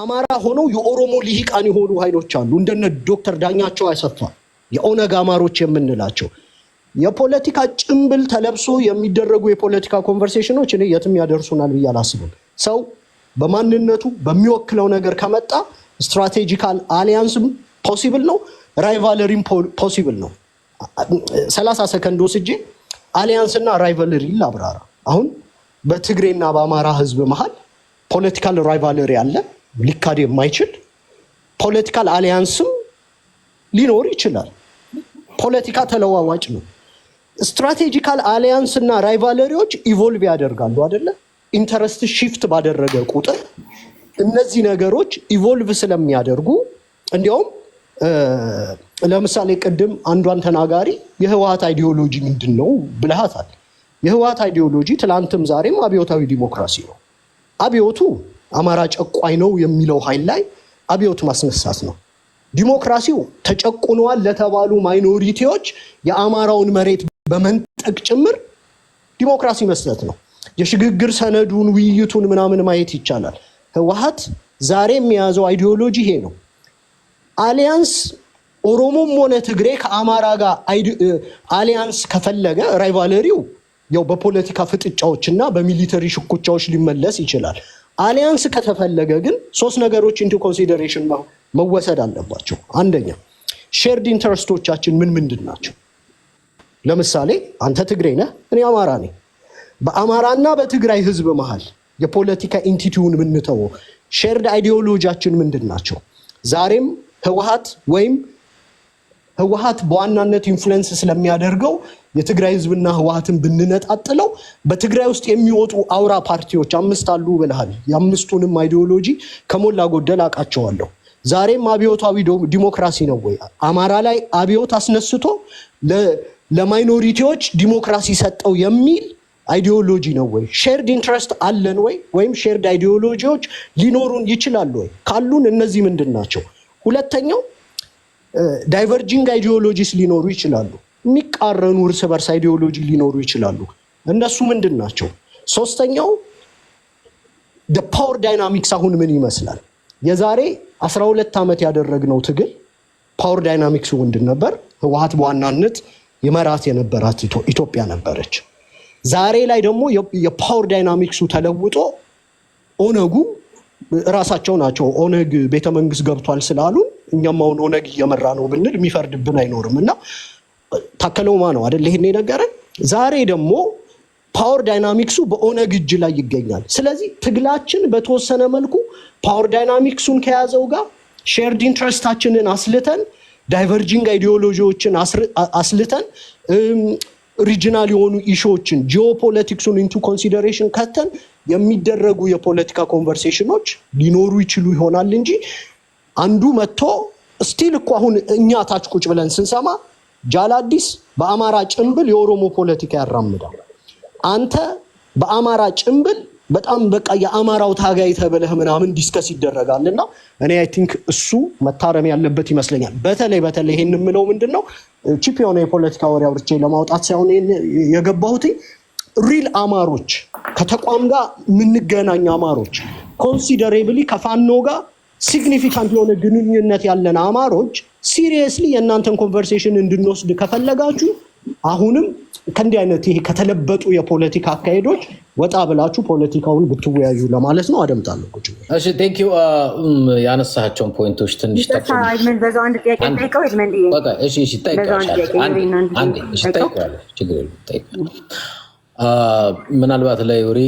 አማራ ሆነው የኦሮሞ ልሂቃን የሆኑ ኃይሎች አሉ። እንደነ ዶክተር ዳኛቸው አሰፋ የኦነግ አማሮች የምንላቸው የፖለቲካ ጭምብል ተለብሶ የሚደረጉ የፖለቲካ ኮንቨርሴሽኖች እኔ የትም ያደርሱናል ብዬ አላስብም። ሰው በማንነቱ በሚወክለው ነገር ከመጣ ስትራቴጂካል አሊያንስም ፖሲብል ነው፣ ራይቫለሪም ፖሲብል ነው። ሰላሳ ሰከንድ ወስጄ አሊያንስ እና ራይቫለሪ ላብራራ። አሁን በትግሬና በአማራ ህዝብ መሀል ፖለቲካል ራይቫለሪ አለ። ሊካድ የማይችል ፖለቲካል አሊያንስም ሊኖር ይችላል። ፖለቲካ ተለዋዋጭ ነው። ስትራቴጂካል አሊያንስ እና ራይቫለሪዎች ኢቮልቭ ያደርጋሉ አይደለ? ኢንተረስት ሺፍት ባደረገ ቁጥር እነዚህ ነገሮች ኢቮልቭ ስለሚያደርጉ እንዲያውም ለምሳሌ ቅድም አንዷን ተናጋሪ የህወሀት አይዲዮሎጂ ምንድን ነው ብልሃታል። የህወሀት አይዲዮሎጂ ትላንትም ዛሬም አብዮታዊ ዲሞክራሲ ነው። አብዮቱ አማራ ጨቋኝ ነው የሚለው ኃይል ላይ አብዮት ማስነሳት ነው። ዲሞክራሲው ተጨቁነዋል ለተባሉ ማይኖሪቲዎች የአማራውን መሬት በመንጠቅ ጭምር ዲሞክራሲ መስጠት ነው። የሽግግር ሰነዱን ውይይቱን ምናምን ማየት ይቻላል። ህወሓት ዛሬ የያዘው አይዲዮሎጂ ይሄ ነው። አሊያንስ ኦሮሞም ሆነ ትግሬ ከአማራ ጋር አሊያንስ ከፈለገ ራይቫለሪው ያው በፖለቲካ ፍጥጫዎችና በሚሊተሪ ሽኩቻዎች ሊመለስ ይችላል። አሊያንስ ከተፈለገ ግን ሶስት ነገሮች ኢንቱ ኮንሲደሬሽን መወሰድ አለባቸው። አንደኛ ሼርድ ኢንተረስቶቻችን ምን ምንድን ናቸው? ለምሳሌ አንተ ትግሬ ነህ፣ እኔ አማራ ነኝ። በአማራና በትግራይ ህዝብ መሃል የፖለቲካ ኢንቲቲውን ምንተወ ሼርድ አይዲዮሎጂያችን ምንድን ናቸው? ዛሬም ህወሀት ወይም ህወሀት በዋናነት ኢንፍሉዌንስ ስለሚያደርገው የትግራይ ህዝብና ህወሀትን ብንነጣጥለው በትግራይ ውስጥ የሚወጡ አውራ ፓርቲዎች አምስት አሉ ብለሃል። የአምስቱንም አይዲዮሎጂ ከሞላ ጎደል አውቃቸዋለሁ። ዛሬም አብዮታዊ ዲሞክራሲ ነው ወይ? አማራ ላይ አብዮት አስነስቶ ለማይኖሪቲዎች ዲሞክራሲ ሰጠው የሚል አይዲዮሎጂ ነው ወይ? ሼርድ ኢንትረስት አለን ወይ? ወይም ሼርድ አይዲዮሎጂዎች ሊኖሩን ይችላሉ ወይ? ካሉን እነዚህ ምንድን ናቸው? ሁለተኛው ዳይቨርጂንግ አይዲዮሎጂስ ሊኖሩ ይችላሉ። የሚቃረኑ እርስ በርስ አይዲዮሎጂ ሊኖሩ ይችላሉ። እነሱ ምንድን ናቸው? ሶስተኛው ፓወር ዳይናሚክስ አሁን ምን ይመስላል? የዛሬ 12 ዓመት ያደረግነው ትግል ፓወር ዳይናሚክሱ ምንድን ነበር? ህወሀት በዋናነት የመራት የነበራት ኢትዮጵያ ነበረች። ዛሬ ላይ ደግሞ የፓወር ዳይናሚክሱ ተለውጦ ኦነጉ እራሳቸው ናቸው። ኦነግ ቤተመንግስት ገብቷል ስላሉ እኛም አሁን ኦነግ እየመራ ነው ብንል የሚፈርድብን አይኖርም እና ታከለ ነው አደል ይሄን ነገር ዛሬ ደግሞ ፓወር ዳይናሚክሱ በኦነግ እጅ ላይ ይገኛል። ስለዚህ ትግላችን በተወሰነ መልኩ ፓወር ዳይናሚክሱን ከያዘው ጋር ሼርድ ኢንትረስታችንን አስልተን ዳይቨርጂንግ አይዲዮሎጂዎችን አስልተን ሪጅናል የሆኑ ኢሾዎችን ጂኦፖለቲክሱን ኢንቱ ኮንሲደሬሽን ከተን የሚደረጉ የፖለቲካ ኮንቨርሴሽኖች ሊኖሩ ይችሉ ይሆናል እንጂ አንዱ መጥቶ ስቲል እኮ አሁን እኛ ታች ቁጭ ብለን ስንሰማ ጃላዲስ በአማራ ጭንብል የኦሮሞ ፖለቲካ ያራምዳል። አንተ በአማራ ጭንብል በጣም በቃ የአማራው ታጋይ ተብለህ ምናምን ዲስከስ ይደረጋል እና እኔ አይ ቲንክ እሱ መታረም ያለበት ይመስለኛል። በተለይ በተለይ ይሄን የምለው ምንድን ነው ቺፕ የሆነ የፖለቲካ ወሬ አውርቼ ለማውጣት ሳይሆን የገባሁት ሪል አማሮች ከተቋም ጋር የምንገናኝ አማሮች ኮንሲደሬብሊ ከፋኖ ጋር ሲግኒፊካንት የሆነ ግንኙነት ያለን አማሮች ሲሪየስሊ የእናንተን ኮንቨርሴሽን እንድንወስድ ከፈለጋችሁ አሁንም ከእንዲህ አይነት ይሄ ከተለበጡ የፖለቲካ አካሄዶች ወጣ ብላችሁ ፖለቲካውን ብትወያዩ ለማለት ነው። አደምጣለሁ። ያነሳቸውን ፖይንቶች ትንሽ ምናልባት ላይ ሪ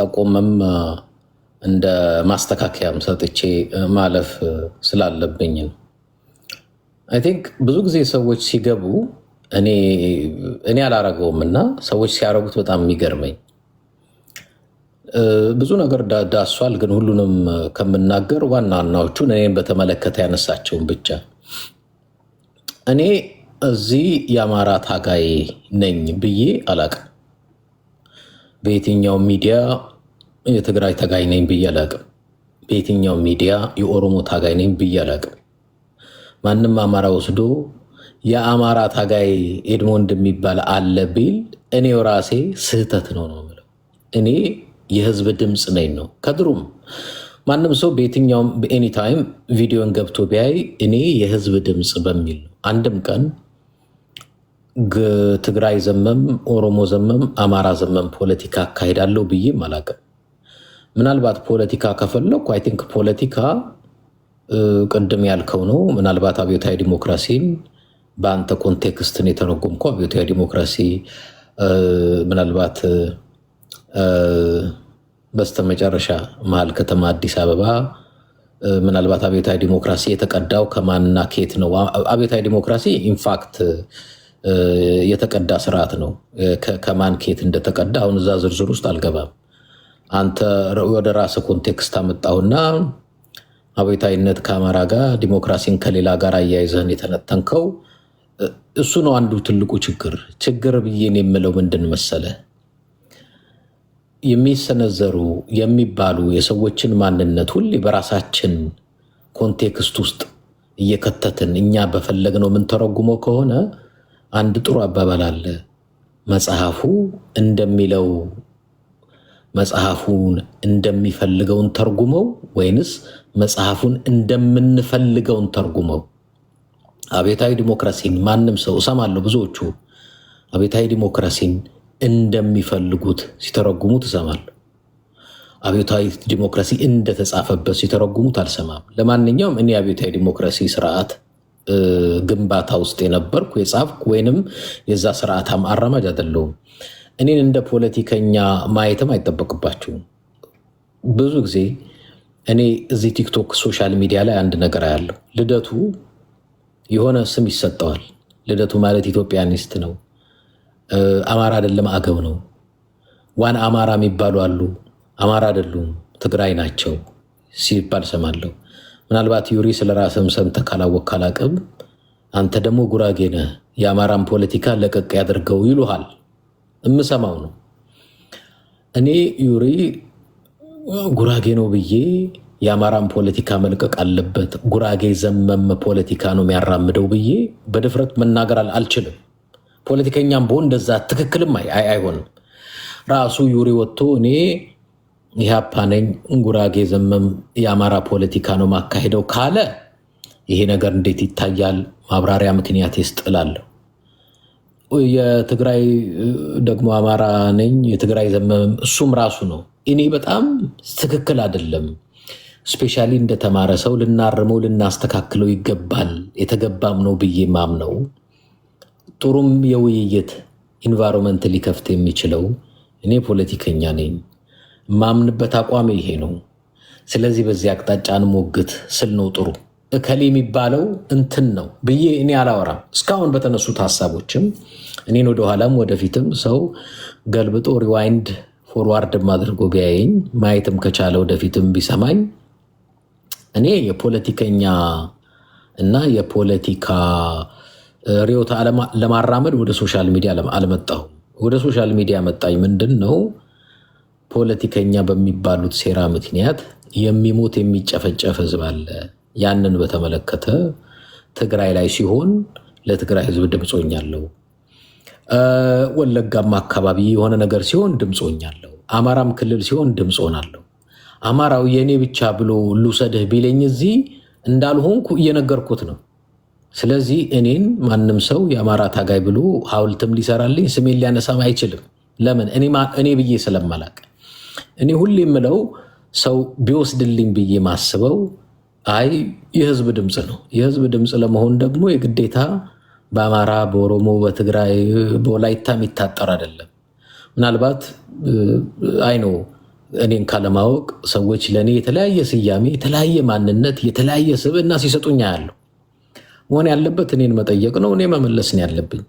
ጠቆመም እንደ ማስተካከያም ሰጥቼ ማለፍ ስላለብኝ ነው። አይ ቲንክ ብዙ ጊዜ ሰዎች ሲገቡ እኔ አላረገውም እና ሰዎች ሲያረጉት በጣም የሚገርመኝ ብዙ ነገር ዳሷል። ግን ሁሉንም ከምናገር ዋና ዋናዎቹን እኔን በተመለከተ ያነሳቸውን ብቻ እኔ እዚህ የአማራ ታጋይ ነኝ ብዬ አላቅም በየትኛው ሚዲያ የትግራይ ታጋይ ነኝ ብዬ አላቅም። በየትኛው ሚዲያ የኦሮሞ ታጋይ ነኝ ብዬ አላቅም። ማንም አማራ ወስዶ የአማራ ታጋይ ኤድሞንድ የሚባል አለ ቢል እኔው ራሴ ስህተት ነው ነው የምለው። እኔ የህዝብ ድምፅ ነኝ ነው ከድሩም ማንም ሰው በየትኛውም በኤኒታይም ቪዲዮን ገብቶ ቢያይ እኔ የህዝብ ድምፅ በሚል ነው። አንድም ቀን ትግራይ ዘመም፣ ኦሮሞ ዘመም፣ አማራ ዘመም ፖለቲካ አካሄዳለሁ ብዬም አላቅም። ምናልባት ፖለቲካ ከፈለኩ አይ ቲንክ ፖለቲካ ቅድም ያልከው ነው። ምናልባት አብዮታዊ ዲሞክራሲን በአንተ ኮንቴክስትን የተረጎምከው አብዮታዊ ዲሞክራሲ ምናልባት በስተመጨረሻ መሀል ከተማ አዲስ አበባ ምናልባት አብዮታዊ ዲሞክራሲ የተቀዳው ከማንና ኬት ነው? አብዮታዊ ዲሞክራሲ ኢንፋክት የተቀዳ ስርዓት ነው። ከማን ኬት እንደተቀዳ አሁን እዛ ዝርዝር ውስጥ አልገባም። አንተ ወደ ራስ ኮንቴክስት አመጣሁና አቤታዊነት ከአማራ ጋር ዲሞክራሲን ከሌላ ጋር አያይዘህን የተነተንከው እሱ ነው አንዱ ትልቁ ችግር። ችግር ብዬን የምለው ምንድን መሰለ፣ የሚሰነዘሩ የሚባሉ የሰዎችን ማንነት ሁሌ በራሳችን ኮንቴክስት ውስጥ እየከተትን እኛ በፈለግነው የምንተረጉመው ከሆነ አንድ ጥሩ አባባል አለ። መጽሐፉ እንደሚለው መጽሐፉን እንደሚፈልገውን ተርጉመው ወይንስ መጽሐፉን እንደምንፈልገውን ተርጉመው? አቤታዊ ዲሞክራሲን ማንም ሰው እሰማለሁ፣ ብዙዎቹ አቤታዊ ዲሞክራሲን እንደሚፈልጉት ሲተረጉሙት እሰማለሁ። አቤታዊ ዲሞክራሲ እንደተጻፈበት ሲተረጉሙት አልሰማም። ለማንኛውም እኔ አቤታዊ ዲሞክራሲ ስርዓት ግንባታ ውስጥ የነበርኩ የጻፍኩ ወይንም የዛ ስርዓት አራማጅ አይደለሁም። እኔን እንደ ፖለቲከኛ ማየትም አይጠበቅባችሁም። ብዙ ጊዜ እኔ እዚህ ቲክቶክ ሶሻል ሚዲያ ላይ አንድ ነገር አያለሁ። ልደቱ የሆነ ስም ይሰጠዋል። ልደቱ ማለት ኢትዮጵያ ኒስት ነው፣ አማራ አይደለም፣ አገብ ነው። ዋን አማራ የሚባሉ አሉ፣ አማራ አይደሉም፣ ትግራይ ናቸው ሲባል ሰማለሁ። ምናልባት ዩሪ ስለ ራስህም ሰምተህ ካላወቅ ካላቅም አንተ ደግሞ ጉራጌ ነህ፣ የአማራን ፖለቲካ ለቀቅ ያደርገው ይሉሃል። የምሰማው ነው። እኔ ዩሪ ጉራጌ ነው ብዬ የአማራን ፖለቲካ መልቀቅ አለበት፣ ጉራጌ ዘመም ፖለቲካ ነው የሚያራምደው ብዬ በድፍረት መናገር አልችልም። ፖለቲከኛም በሆን እንደዛ ትክክልም አይሆንም። ራሱ ዩሪ ወጥቶ እኔ ኢህአፓ ነኝ፣ ጉራጌ ዘመም የአማራ ፖለቲካ ነው ማካሄደው ካለ ይሄ ነገር እንዴት ይታያል? ማብራሪያ ምክንያት ይስጥላለሁ። የትግራይ ደግሞ አማራ ነኝ የትግራይ ዘመም እሱም ራሱ ነው። እኔ በጣም ትክክል አይደለም። ስፔሻሊ እንደተማረ ሰው ልናርመው ልናስተካክለው ይገባል። የተገባም ነው ብዬ ማምነው ጥሩም የውይይት ኢንቫይሮንመንት ሊከፍት የሚችለው እኔ ፖለቲከኛ ነኝ፣ ማምንበት አቋም ይሄ ነው። ስለዚህ በዚህ አቅጣጫ እንሞግት ስል ነው ጥሩ እከሌ የሚባለው እንትን ነው ብዬ እኔ አላወራም። እስካሁን በተነሱት ሀሳቦችም እኔን ወደኋላም ወደፊትም ሰው ገልብጦ ሪዋይንድ ፎርዋርድም አድርጎ ቢያየኝ ማየትም ከቻለ ወደፊትም ቢሰማኝ እኔ የፖለቲከኛ እና የፖለቲካ ርዕዮተ ዓለም ለማራመድ ወደ ሶሻል ሚዲያ አልመጣሁም። ወደ ሶሻል ሚዲያ መጣኝ ምንድን ነው ፖለቲከኛ በሚባሉት ሴራ ምክንያት የሚሞት የሚጨፈጨፍ ህዝብ አለ ያንን በተመለከተ ትግራይ ላይ ሲሆን ለትግራይ ህዝብ አለው። ወለጋማ አካባቢ የሆነ ነገር ሲሆን አለው አማራም ክልል ሲሆን አለው። አማራው የእኔ ብቻ ብሎ ልውሰድህ ቢለኝ እዚህ እንዳልሆንኩ እየነገርኩት ነው። ስለዚህ እኔን ማንም ሰው የአማራ ታጋይ ብሎ ሐውልትም ሊሰራልኝ ስሜን ሊያነሳም አይችልም። ለምን እኔ ብዬ ስለማላቅ እኔ ሁሌ የምለው ሰው ቢወስድልኝ ብዬ ማስበው አይ የህዝብ ድምፅ ነው። የህዝብ ድምፅ ለመሆን ደግሞ የግዴታ በአማራ፣ በኦሮሞ፣ በትግራይ፣ በወላይታ የሚታጠር አይደለም። ምናልባት አይ ነው እኔን ካለማወቅ ሰዎች ለእኔ የተለያየ ስያሜ፣ የተለያየ ማንነት፣ የተለያየ ስብዕና ሲሰጡኝ ያለው መሆን ያለበት እኔን መጠየቅ ነው፣ እኔ መመለስ ነው ያለብኝ።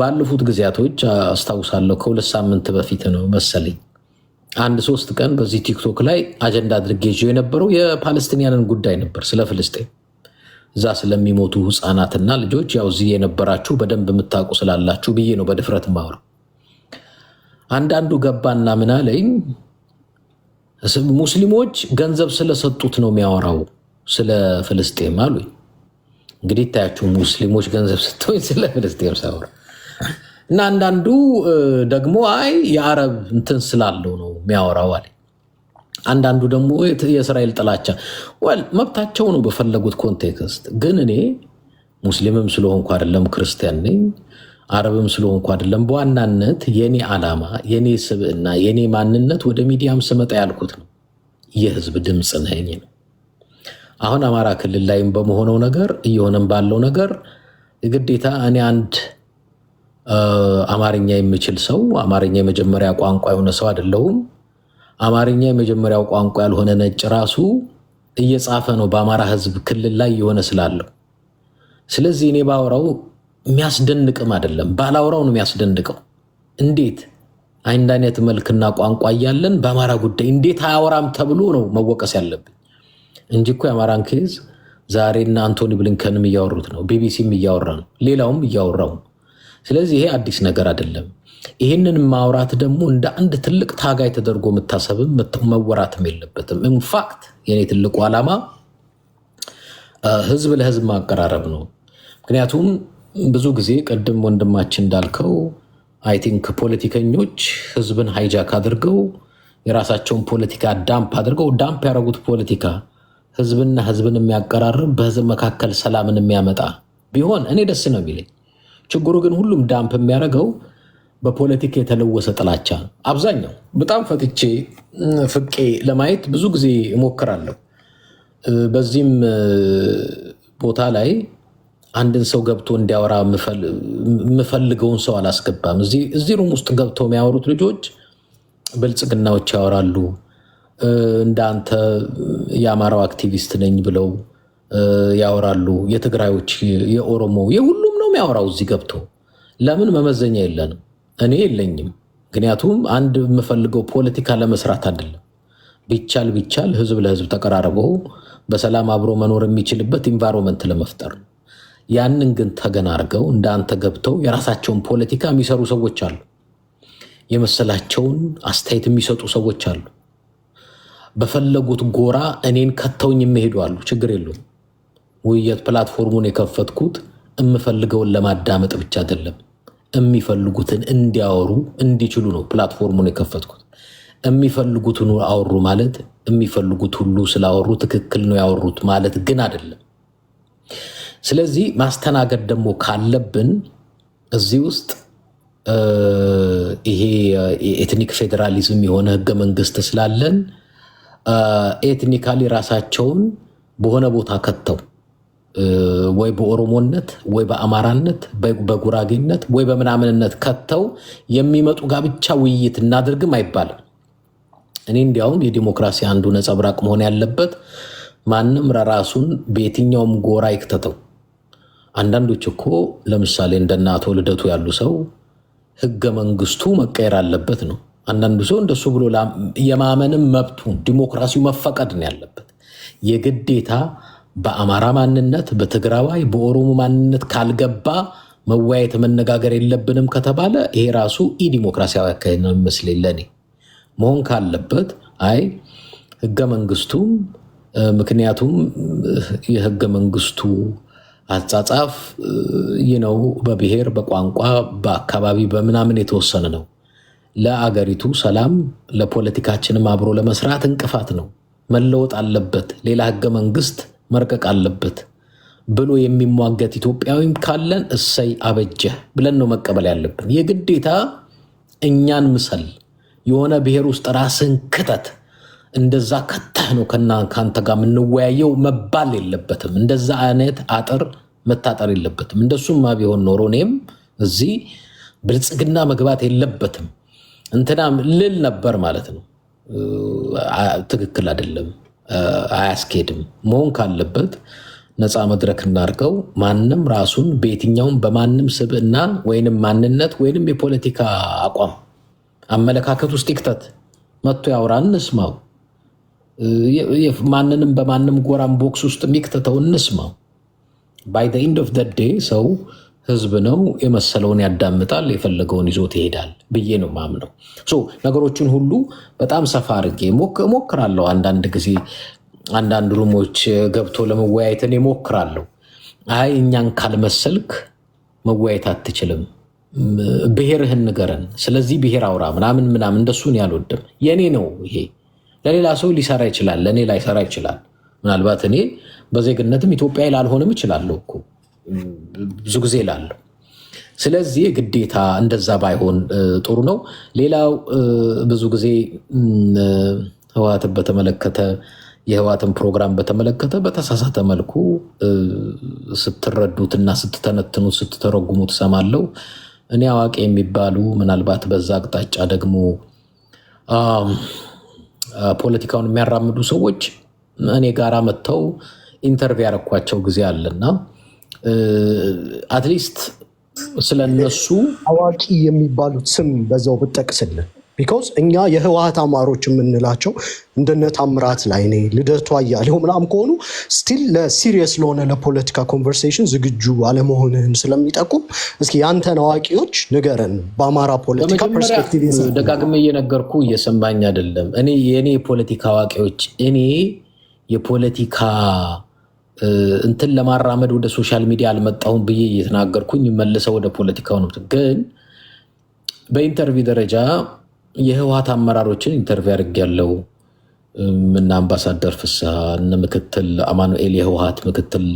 ባለፉት ጊዜያቶች አስታውሳለሁ ከሁለት ሳምንት በፊት ነው መሰለኝ አንድ ሶስት ቀን በዚህ ቲክቶክ ላይ አጀንዳ አድርጌ የነበረው የፓለስቲንያንን ጉዳይ ነበር፣ ስለ ፍልስጤም እዛ ስለሚሞቱ ህፃናትና ልጆች። ያው እዚህ የነበራችሁ በደንብ የምታውቁ ስላላችሁ ብዬ ነው በድፍረት ማወራው። አንዳንዱ ገባና ምን አለኝ፣ ሙስሊሞች ገንዘብ ስለሰጡት ነው የሚያወራው ስለ ፍልስጤም አሉኝ። እንግዲህ ይታያችሁ ሙስሊሞች ገንዘብ ስለ ፍልስጤም ሳወራ እና አንዳንዱ ደግሞ አይ የአረብ እንትን ስላለው ነው የሚያወራው አለ። አንዳንዱ ደግሞ የእስራኤል ጥላቻ ወል መብታቸው ነው በፈለጉት ኮንቴክስት። ግን እኔ ሙስሊምም ስለሆንኩ አይደለም ክርስቲያን ነኝ፣ አረብም ስለሆንኩ አይደለም። በዋናነት የኔ ዓላማ የኔ ስብዕና የኔ ማንነት ወደ ሚዲያም ስመጣ ያልኩት ነው የህዝብ ድምፅ ነኝ ነው። አሁን አማራ ክልል ላይም በመሆነው ነገር እየሆነም ባለው ነገር ግዴታ እኔ አንድ አማርኛ የምችል ሰው አማርኛ የመጀመሪያ ቋንቋ የሆነ ሰው አይደለሁም። አማርኛ የመጀመሪያው ቋንቋ ያልሆነ ነጭ ራሱ እየጻፈ ነው በአማራ ህዝብ ክልል ላይ የሆነ ስላለው። ስለዚህ እኔ ባወራው የሚያስደንቅም አይደለም፣ ባላወራው ነው የሚያስደንቀው። እንዴት አንድ አይነት መልክና ቋንቋ እያለን በአማራ ጉዳይ እንዴት አያወራም ተብሎ ነው መወቀስ ያለብኝ እንጂ እኮ የአማራን ኬዝ ዛሬና አንቶኒ ብሊንከንም እያወሩት ነው፣ ቢቢሲም እያወራ ነው፣ ሌላውም እያወራው ነው። ስለዚህ ይሄ አዲስ ነገር አይደለም። ይህንን ማውራት ደግሞ እንደ አንድ ትልቅ ታጋይ ተደርጎ መታሰብም መወራትም የለበትም። ኢንፋክት የኔ ትልቁ ዓላማ ህዝብ ለህዝብ ማቀራረብ ነው። ምክንያቱም ብዙ ጊዜ ቅድም ወንድማችን እንዳልከው አይ ቲንክ ፖለቲከኞች ህዝብን ሃይጃክ አድርገው የራሳቸውን ፖለቲካ ዳምፕ አድርገው ዳምፕ ያደረጉት ፖለቲካ ህዝብና ህዝብን የሚያቀራርብ በህዝብ መካከል ሰላምን የሚያመጣ ቢሆን እኔ ደስ ነው የሚለኝ። ችግሩ ግን ሁሉም ዳምፕ የሚያደርገው በፖለቲካ የተለወሰ ጥላቻ ነው። አብዛኛው በጣም ፈትቼ ፍቄ ለማየት ብዙ ጊዜ እሞክራለሁ። በዚህም ቦታ ላይ አንድን ሰው ገብቶ እንዲያወራ የምፈልገውን ሰው አላስገባም። እዚህ ሩም ውስጥ ገብተው የሚያወሩት ልጆች ብልጽግናዎች ያወራሉ። እንዳንተ የአማራው አክቲቪስት ነኝ ብለው ያወራሉ። የትግራዮች፣ የኦሮሞ፣ የሁሉም ነው የሚያወራው እዚህ ገብቶ። ለምን መመዘኛ የለንም፣ እኔ የለኝም። ምክንያቱም አንድ የምፈልገው ፖለቲካ ለመስራት አይደለም። ቢቻል ቢቻል ህዝብ ለህዝብ ተቀራርቦ በሰላም አብሮ መኖር የሚችልበት ኢንቫይሮንመንት ለመፍጠር ነው። ያንን ግን ተገና አድርገው ገብተው የራሳቸውን ፖለቲካ የሚሰሩ ሰዎች አሉ። የመሰላቸውን አስተያየት የሚሰጡ ሰዎች አሉ። በፈለጉት ጎራ እኔን ከተውኝ የሚሄዱ አሉ። ችግር የለውም። ውይይት ፕላትፎርሙን የከፈትኩት የምፈልገውን ለማዳመጥ ብቻ አይደለም፣ የሚፈልጉትን እንዲያወሩ እንዲችሉ ነው ፕላትፎርሙን የከፈትኩት። የሚፈልጉትን አወሩ ማለት የሚፈልጉት ሁሉ ስላወሩ ትክክል ነው ያወሩት ማለት ግን አይደለም። ስለዚህ ማስተናገድ ደግሞ ካለብን እዚህ ውስጥ ይሄ የኤትኒክ ፌዴራሊዝም የሆነ ህገ መንግስት ስላለን ኤትኒካሊ ራሳቸውን በሆነ ቦታ ከተው ወይ በኦሮሞነት ወይ በአማራነት በጉራጌነት ወይ በምናምንነት ከተው የሚመጡ ጋር ብቻ ውይይት እናድርግም አይባልም። እኔ እንዲያውም የዲሞክራሲ አንዱ ነጸብራቅ መሆን ያለበት ማንም ራሱን በየትኛውም ጎራ ይክተተው። አንዳንዶች እኮ ለምሳሌ እንደና አቶ ልደቱ ያሉ ሰው ህገ መንግስቱ መቀየር አለበት ነው። አንዳንዱ ሰው እንደሱ ብሎ የማመንም መብቱ ዲሞክራሲው መፈቀድ ነው ያለበት የግዴታ በአማራ ማንነት፣ በትግራዋይ፣ በኦሮሞ ማንነት ካልገባ መወያየት መነጋገር የለብንም ከተባለ ይሄ ራሱ ኢዲሞክራሲያዊ አካሄድ ነው ለኔ መሆን ካለበት አይ ህገ መንግስቱም ምክንያቱም የህገ መንግስቱ አጻጻፍ ይነው በብሔር በቋንቋ በአካባቢ በምናምን የተወሰነ ነው። ለአገሪቱ ሰላም ለፖለቲካችንም አብሮ ለመስራት እንቅፋት ነው። መለወጥ አለበት። ሌላ ህገ መንግስት መርቀቅ አለበት ብሎ የሚሟገት ኢትዮጵያዊም ካለን እሰይ አበጀህ ብለን ነው መቀበል ያለብን። የግዴታ እኛን ምሰል፣ የሆነ ብሔር ውስጥ ራስን ክተት፣ እንደዛ ከተህ ነው ከአንተ ጋር የምንወያየው መባል የለበትም። እንደዛ አይነት አጥር መታጠር የለበትም። እንደሱማ ቢሆን ኖሮ እኔም እዚህ ብልጽግና መግባት የለበትም እንትና ልል ነበር ማለት ነው። ትክክል አይደለም። አያስኬድም። መሆን ካለበት ነፃ መድረክ እናድርገው። ማንም ራሱን በየትኛውም በማንም ስብዕና ወይንም ማንነት ወይንም የፖለቲካ አቋም አመለካከት ውስጥ ይክተት መጥቶ ያውራ፣ እንስማው። ማንንም በማንም ጎራም ቦክስ ውስጥ የሚክተተው እንስማው። ባይ ኢንድ ኦፍ ደ ዴይ ሰው ህዝብ ነው። የመሰለውን ያዳምጣል፣ የፈለገውን ይዞት ይሄዳል ብዬ ነው ማምነው። ነገሮችን ሁሉ በጣም ሰፋ አድርጌ እሞክራለሁ። አንዳንድ ጊዜ አንዳንድ ሩሞች ገብቶ ለመወያየትን እሞክራለሁ። አይ እኛን ካልመሰልክ መወያየት አትችልም፣ ብሔርህን ንገረን፣ ስለዚህ ብሔር አውራ ምናምን ምናምን፣ እንደሱን ያልወድም። የእኔ ነው ይሄ። ለሌላ ሰው ሊሰራ ይችላል፣ ለእኔ ላይሰራ ይችላል። ምናልባት እኔ በዜግነትም ኢትዮጵያዊ ላልሆንም እችላለሁ እኮ ብዙ ጊዜ እላለሁ። ስለዚህ ግዴታ እንደዛ ባይሆን ጥሩ ነው። ሌላው ብዙ ጊዜ ህወሓትን በተመለከተ የህወሓትን ፕሮግራም በተመለከተ በተሳሳተ መልኩ ስትረዱትና ስትተነትኑት ስትተረጉሙ ትሰማለው። እኔ አዋቂ የሚባሉ ምናልባት በዛ አቅጣጫ ደግሞ ፖለቲካውን የሚያራምዱ ሰዎች እኔ ጋራ መጥተው ኢንተርቪው ያረኳቸው ጊዜ አለና አትሊስት ስለ አዋቂ የሚባሉት ስም በዛው ብጠቅስልን ቢካውስ እኛ የህወሀት አማሮች የምንላቸው እንደነ ታምራት ላይኔ፣ ልደቱ አያሌው ምናምን ከሆኑ ስቲል ለሲሪየስ ለሆነ ለፖለቲካ ኮንቨርሴሽን ዝግጁ አለመሆንህን ስለሚጠቁም እስኪ ያንተን አዋቂዎች ንገረን። በአማራ ፖለቲካ ፐርስፔክቲቭ እየነገርኩ እየሰማኝ አይደለም። እኔ የእኔ የፖለቲካ አዋቂዎች እኔ የፖለቲካ እንትን ለማራመድ ወደ ሶሻል ሚዲያ አልመጣሁም ብዬ እየተናገርኩኝ መልሰው ወደ ፖለቲካው ነው። ግን በኢንተርቪው ደረጃ የህወሀት አመራሮችን ኢንተርቪው አድርጌያለሁ። እነ አምባሳደር ፍስሐ እነ ምክትል አማኑኤል የህወሀት ምክትል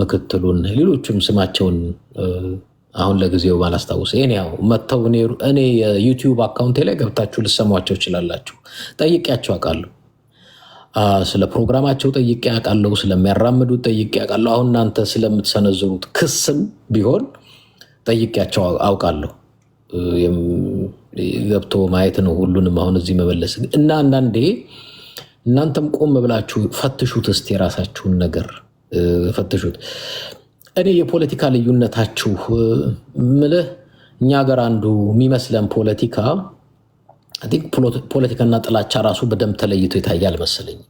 ምክትሉን ሌሎቹም ስማቸውን አሁን ለጊዜው ባላስታውስ ይህን ያው መጥተው እኔ የዩቲዩብ አካውንቴ ላይ ገብታችሁ ልሰሟቸው ይችላላችሁ። ጠይቄያቸው አውቃለሁ። ስለ ፕሮግራማቸው ጠይቄ አውቃለሁ። ስለሚያራምዱት ጠይቄ አውቃለሁ። አሁን እናንተ ስለምትሰነዝሩት ክስም ቢሆን ጠይቄያቸው አውቃለሁ። ገብቶ ማየት ነው ሁሉንም። አሁን እዚህ መመለስ እና አንዳንዴ እናንተም ቆም ብላችሁ ፈትሹት እስቲ የራሳችሁን ነገር ፈትሹት። እኔ የፖለቲካ ልዩነታችሁ ምልህ እኛ ሀገር አንዱ የሚመስለን ፖለቲካ ፖለቲካና ጥላቻ ራሱ በደንብ ተለይቶ ይታያል አልመሰለኝም።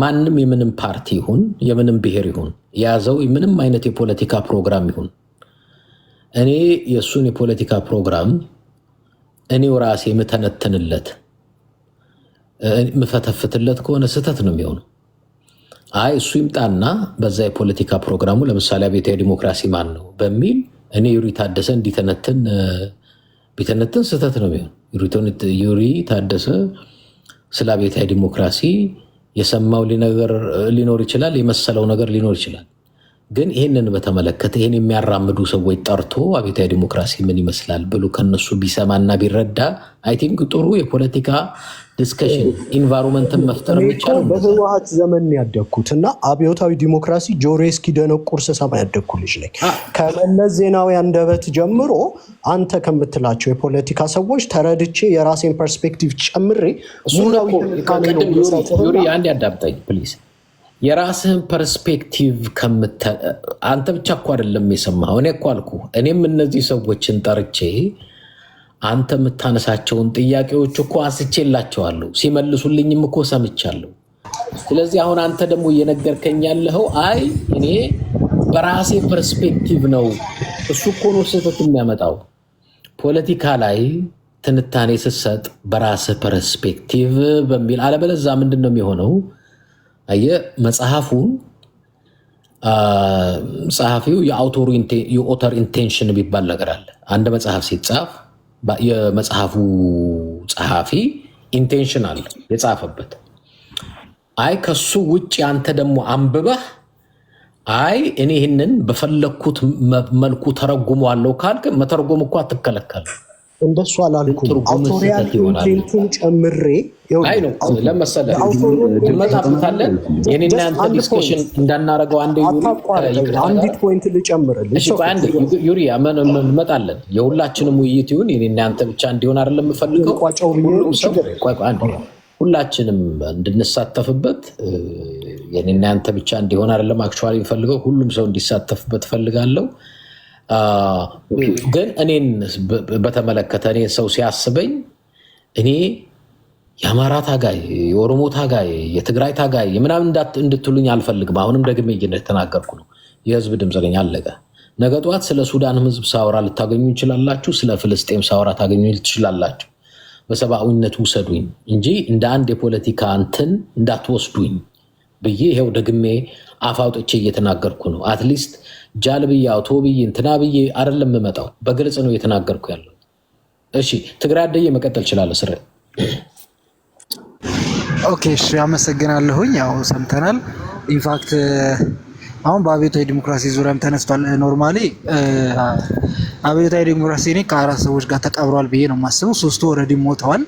ማንም የምንም ፓርቲ ይሁን የምንም ብሔር ይሁን የያዘው ምንም አይነት የፖለቲካ ፕሮግራም ይሁን እኔ የእሱን የፖለቲካ ፕሮግራም እኔው ራሴ የምተነትንለት የምፈተፍትለት ከሆነ ስህተት ነው የሚሆኑ። አይ እሱ ይምጣና በዛ የፖለቲካ ፕሮግራሙ ለምሳሌ አብዮታዊ ዲሞክራሲ ማን ነው በሚል እኔ ዩሪ ታደሰ እንዲተነትን ቢተነትን ስህተት ነው የሚሆነው። ዩሪ ታደሰ ስለ አብዮታዊ ዲሞክራሲ የሰማው ሊኖር ይችላል፣ የመሰለው ነገር ሊኖር ይችላል። ግን ይህንን በተመለከተ ይህን የሚያራምዱ ሰዎች ጠርቶ አብዮታዊ ዲሞክራሲ ምን ይመስላል ብሎ ከነሱ ቢሰማና ቢረዳ አይ ቲንክ ጥሩ የፖለቲካ ዲስከሽን ኢንቫይሮንመንትን መፍጠር የሚቻለው በህወሀት ዘመን ያደግኩት እና አብዮታዊ ዲሞክራሲ ጆሮ እስኪደነቁር ስሰማ ያደግኩ ልጅ ነኝ። ከመለስ ዜናዊ አንደበት ጀምሮ አንተ ከምትላቸው የፖለቲካ ሰዎች ተረድቼ የራሴን ፐርስፔክቲቭ ጨምሬ አንድ ያዳምጠኝ ፕሊዝ። የራስህን ፐርስፔክቲቭ አንተ ብቻ እኮ አይደለም የሰማኸው። እኔ እኮ አልኩህ እኔም እነዚህ ሰዎችን ጠርቼ አንተ የምታነሳቸውን ጥያቄዎች እኮ አንስቼላቸዋለሁ፣ ሲመልሱልኝም እኮ ሰምቻለሁ። ስለዚህ አሁን አንተ ደግሞ እየነገርከኝ ያለኸው አይ እኔ በራሴ ፐርስፔክቲቭ ነው። እሱ እኮ ነው ስህተት የሚያመጣው። ፖለቲካ ላይ ትንታኔ ስትሰጥ በራስህ ፐርስፔክቲቭ በሚል አለበለዚያ ምንድን ነው የሚሆነው? አየህ መጽሐፉን ጸሐፊው የኦተር ኢንቴንሽን የሚባል ነገር አለ። አንድ መጽሐፍ ሲጻፍ የመጽሐፉ ጸሐፊ ኢንቴንሽናል የጻፈበት። አይ ከሱ ውጭ አንተ ደግሞ አንብበህ አይ እኔ ይህንን በፈለግኩት መልኩ ተረጉመዋለሁ ካልክ መተርጎም እኮ አትከለከልም። እንደሱ አላልኩም። አውቶሪያል ኮንቴንቱን ጨምሬ ለመሰለመጣበታለን የኔና ያንተ አንዲት ፖይንት ልጨምርልህ እንመጣለን። የሁላችንም ውይይት ይሁን የኔና ያንተ ብቻ እንዲሆን አይደለም የምፈልገው ሁላችንም እንድንሳተፍበት የኔና ያንተ ብቻ እንዲሆን አይደለም አክቹዋሊ የምፈልገው ሁሉም ሰው እንዲሳተፍበት እፈልጋለሁ። ግን እኔን በተመለከተ እኔ ሰው ሲያስበኝ እኔ የአማራ ታጋይ፣ የኦሮሞ ታጋይ፣ የትግራይ ታጋይ ምናምን እንድትሉኝ አልፈልግም። አሁንም ደግሜ የተናገርኩ ነው። የህዝብ ድምፅ ነኝ። አለቀ። ነገ ጠዋት ስለ ሱዳን ህዝብ ሳወራ ልታገኙ ይችላላችሁ። ስለ ፍልስጤም ሳወራ ታገኙ ትችላላችሁ። በሰብአዊነት ውሰዱኝ እንጂ እንደ አንድ የፖለቲካ እንትን እንዳትወስዱኝ። ብዬ ይሄው ደግሜ አፋውጥቼ እየተናገርኩ ነው። አትሊስት ጃል ብዬ አውቶ ብዬ እንትና ብዬ አይደለም የምመጣው፣ በግልጽ ነው እየተናገርኩ ያለው። እሺ ትግራይ አደዬ መቀጠል ችላለ ስር ኦኬ። እሺ አመሰግናለሁኝ። ያው ሰምተናል። ኢንፋክት አሁን በአብዮታዊ ዲሞክራሲ ዙሪያም ተነስቷል። ኖርማሊ አብዮታዊ ዲሞክራሲ እኔ ከአራት ሰዎች ጋር ተቀብሯል ብዬ ነው የማስበው። ሶስቱ ኦልሬዲ ሞተዋል።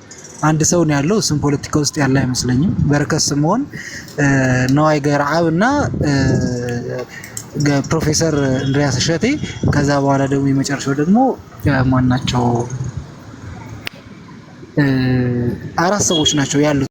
አንድ ሰው ነው ያለው። እሱም ፖለቲካ ውስጥ ያለ አይመስለኝም። በረከት ስምኦን፣ ነዋይ ገብረአብ እና ፕሮፌሰር እንድሪያስ እሸቴ ከዛ በኋላ ደግሞ የመጨረሻው ደግሞ ማናቸው አራት ሰዎች ናቸው ያሉት።